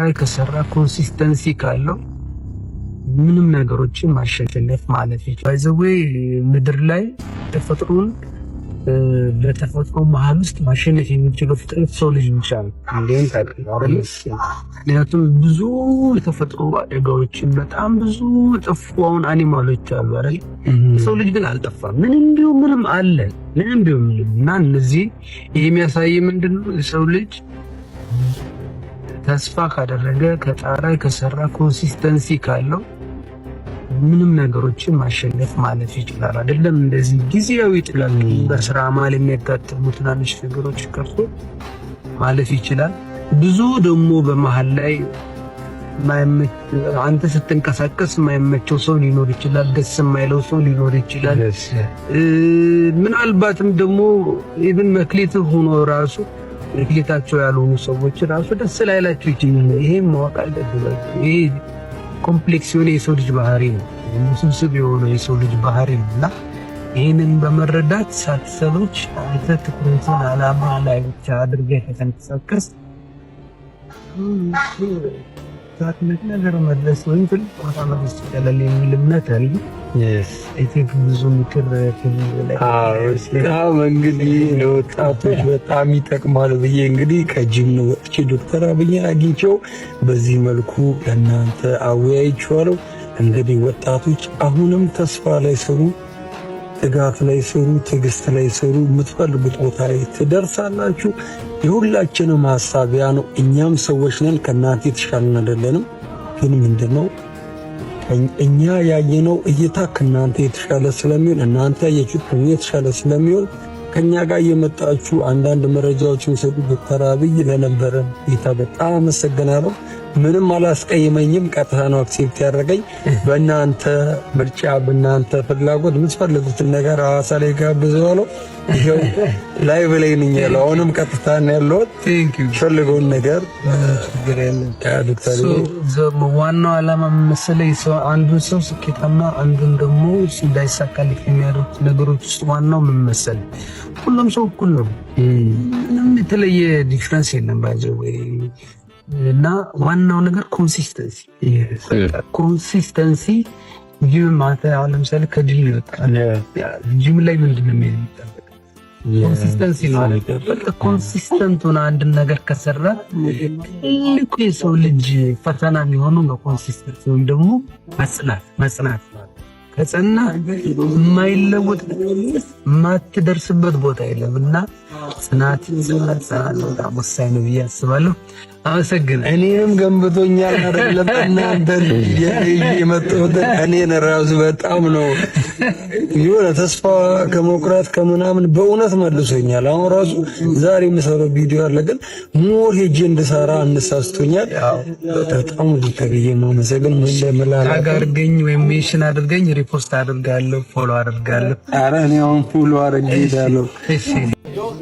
ራይ ከሰራ ኮንሲስተንሲ ካለው ምንም ነገሮችን ማሸነፍ ማለት ነው። ባይዘዌ ምድር ላይ ተፈጥሮን በተፈጥሮ መሀል ውስጥ ማሸነፍ የሚችለው ፍጥረት ሰው ልጅ ይቻላል። ምክንያቱም ብዙ የተፈጥሮ አደጋዎችን በጣም ብዙ ጠፋውን አኒማሎች አሉ አይደል? ሰው ልጅ ግን አልጠፋም። ምንም ቢሆን ምንም አለ ምንም ቢሆን ምንም እና እነዚህ የሚያሳይ ምንድን ነው የሰው ልጅ ተስፋ ካደረገ ከጣራ ከሰራ ኮንሲስተንሲ ካለው ምንም ነገሮችን ማሸነፍ ማለፍ ይችላል። አይደለም እንደዚህ ጊዜያዊ ጥላል በስራ ማል የሚያጋጥሙ ትናንሽ ነገሮች ቀርቶ ማለፍ ይችላል። ብዙ ደግሞ በመሀል ላይ አንተ ስትንቀሳቀስ የማይመቸው ሰው ሊኖር ይችላል። ደስ የማይለው ሰው ሊኖር ይችላል። ምናልባትም ደግሞ ኢብን መክሊት ሆኖ ራሱ ጌታቸው ያልሆኑ ሰዎች ራሱ ደስ ላይላቸው ይችላል። ይሄም ማወቅ አለባቸው። ይሄ ኮምፕሌክስ የሆነ የሰው ልጅ ባህሪ ነው፣ ውስብስብ የሆነ የሰው ልጅ ባህሪ ነው እና ይህንን በመረዳት ሳትሰሎች አንተ ትኩረትን አላማ ላይ ብቻ አድርገህ ከተንቀሳቀስ ትልቅ ነገር መለስ ወይም ትልቅ ቦታ መለስ ይቻላል የሚል እምነት አለ። ብዙ ምክር በጣም እንግዲህ ለወጣቶች በጣም ይጠቅማል ብዬ እንግዲህ ከጅም ነው ወጥቼ ዶክተር አብይን አግኝቼው በዚህ መልኩ ለእናንተ አወያይቼዋለሁ። እንግዲህ ወጣቶች አሁንም ተስፋ ላይ ስሩ። ጥጋት ላይ ስሩ፣ ትዕግስት ላይ ስሩ። የምትፈልጉት ቦታ ላይ ትደርሳላችሁ። የሁላችንም ሀሳብ ነው። እኛም ሰዎች ነን፣ ከእናንተ የተሻልን አይደለንም። ግን ምንድን ነው እኛ ያየነው እይታ ከእናንተ የተሻለ ስለሚሆን እናንተ ያየችሁት ከእኛ የተሻለ ስለሚሆን ከኛ ጋር የመጣችሁ አንዳንድ መረጃዎችን ሰጡ። ዶክተር አብይ ለነበረ ሁኔታ በጣም አመሰግናለሁ። ምንም አላስቀይመኝም። ቀጥታ ነው አክሴፕት ያደረገኝ። በእናንተ ምርጫ፣ በእናንተ ፍላጎት የምትፈልጉትን ነገር ሐዋሳ ላይ ጋብዘዋለሁ። ይኸው ላይቭ ላይ ነኝ ያለው አሁንም ቀጥታ ነው ያለሁት። ፈልገውን ነገር ዋናው ዓላማ መሰለኝ አንዱን ሰው ስኬታማ አንዱን ደግሞ እንዳይሳካልክ የሚያደርጉት ነገሮች ውስጥ ዋናው ምን መሰለህ፣ ሁሉም ሰው እኩል ነው። ምንም የተለየ ዲፍረንስ የለም። ወይ እና ዋናው ነገር ኮንሲስተንሲ ኮንሲስተንሲ ጂም ማተ አሁን ለምሳሌ ከጅም ይወጣል። ጂም ላይ ምንድን ነው የሚጠበቅ? ኮንሲስተንሲ ነው። ኮንሲስተንት ሆነ አንድ ነገር ከሰራ ትልቁ የሰው ልጅ ፈተና የሚሆነው በኮንሲስተንሲ ወይም ደግሞ መጽናት መጽናት ከጸና የማይለወጥ የማትደርስበት ቦታ የለም እና ጽናትን ይዘናል። በጣም ወሳኝ ነው ብዬ አስባለሁ። አመሰግን እኔንም ገንብቶኛል። አይደለም እናንተን የመጣሁትን እኔን ራሱ በጣም ነው የሆነ ተስፋ ከመቁረጥ ከምናምን በእውነት መልሶኛል። አሁን ራሱ ዛሬ የምሰራው ቪዲዮ አለ፣ ግን ሞር ሄጄ እንድሰራ አነሳስቶኛል። በጣም ተብዬ ማመሰግን ምን ለምላላግ አድርገኝ ወይም ሜሽን አድርገኝ፣ ሪፖስት አድርጋለሁ፣ ፎሎ አድርጋለሁ። ኧረ እኔ አሁን ፎሎ አድርጌ ሄዳለሁ።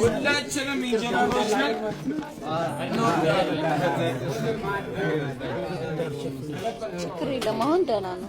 ሁላችንም ኢንጂነሮች ነን። ችግር የለም። አሁን ደህና ነው።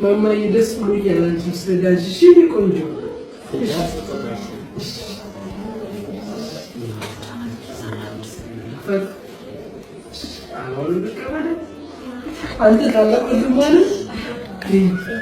Mamayı nasıl bu yalancı söylenci şimdi konuşuyor. Bak. Anladın mı? Anladın mı? Anladın mı?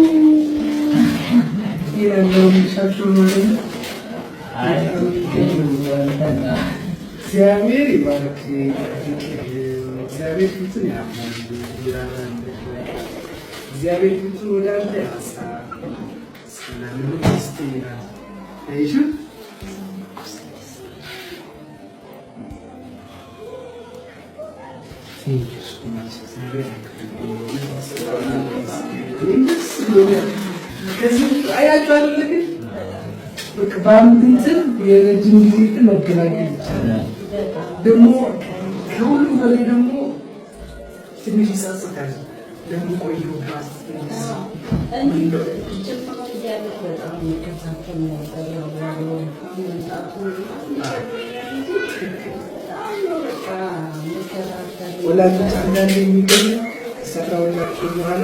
እግዚአብሔር ይባርክ። እግዚአብሔር ፊቱን ያብራል። እግዚአብሔር ፊቱን ወደ አንተ ያሳ ስለምንም ስት ይላል አይሽ Thank you so much. ከዚህ አያችሁ አይደል ግን በአንድ እንትን የረጅም ጊዜ እንትን መገናኘት ይቻላል። ደግሞ ከሁሉም በላይ ደግሞ ትንሽ ይጸጽታል። ደግሞ ቆየሁ ወላጆች አንዳንድ የሚገኙ ከሰራውላቸው በኋላ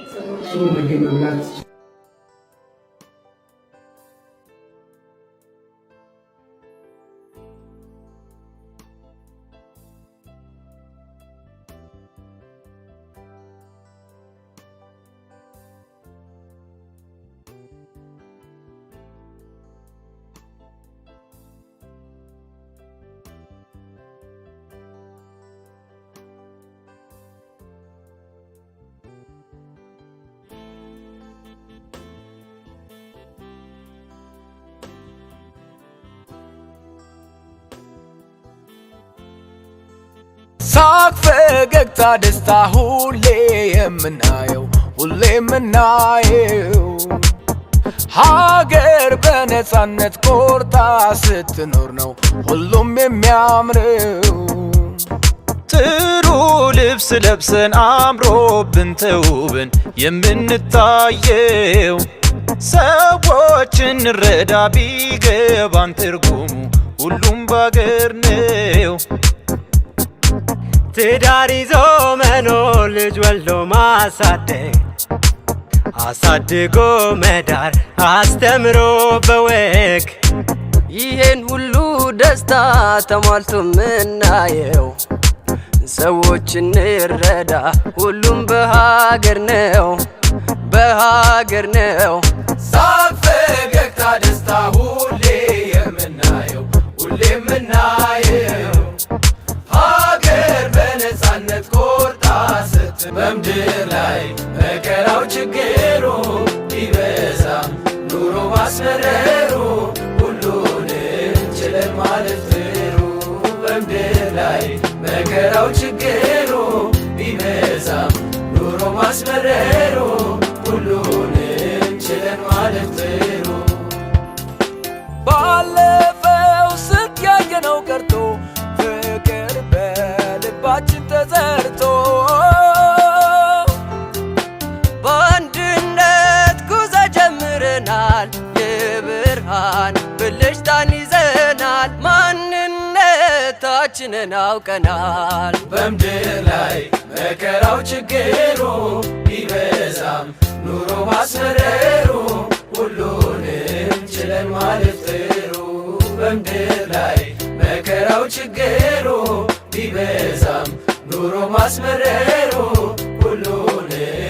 ጥሩ ምግብ መብላት ፈገግታ ደስታ ሁሌ የምናየው ሁሌ የምናየው ሀገር በነፃነት ቆርጣ ስትኖር ነው ሁሉም የሚያምረው። ጥሩ ልብስ ለብሰን አምሮብን ተውብን የምንታየው ሰዎችን ረዳ ቢገባን ትርጉሙ ሁሉም ባገር ነው። ትዳር ይዞ መኖር ልጅ ወልዶ ማሳደግ አሳድጎ መዳር አስተምሮ በወግ ይሄን ሁሉ ደስታ ተሟልቶ ምናየው ሰዎች እንረዳ ሁሉም በሀገር ነው በሀገር ነው። ችግሩ ቢበዛም ኑሮ ማስመረሩ ሁላችንን አውቀናል። በምድር ላይ መከራው ችግሩ ቢበዛም ኑሮ ማስመረሩ ሁሉንም ችለን ማልፍሩ በምድር ላይ መከራው ችግሩ ቢበዛም ኑሮ ማስመረሩ ሁሉንም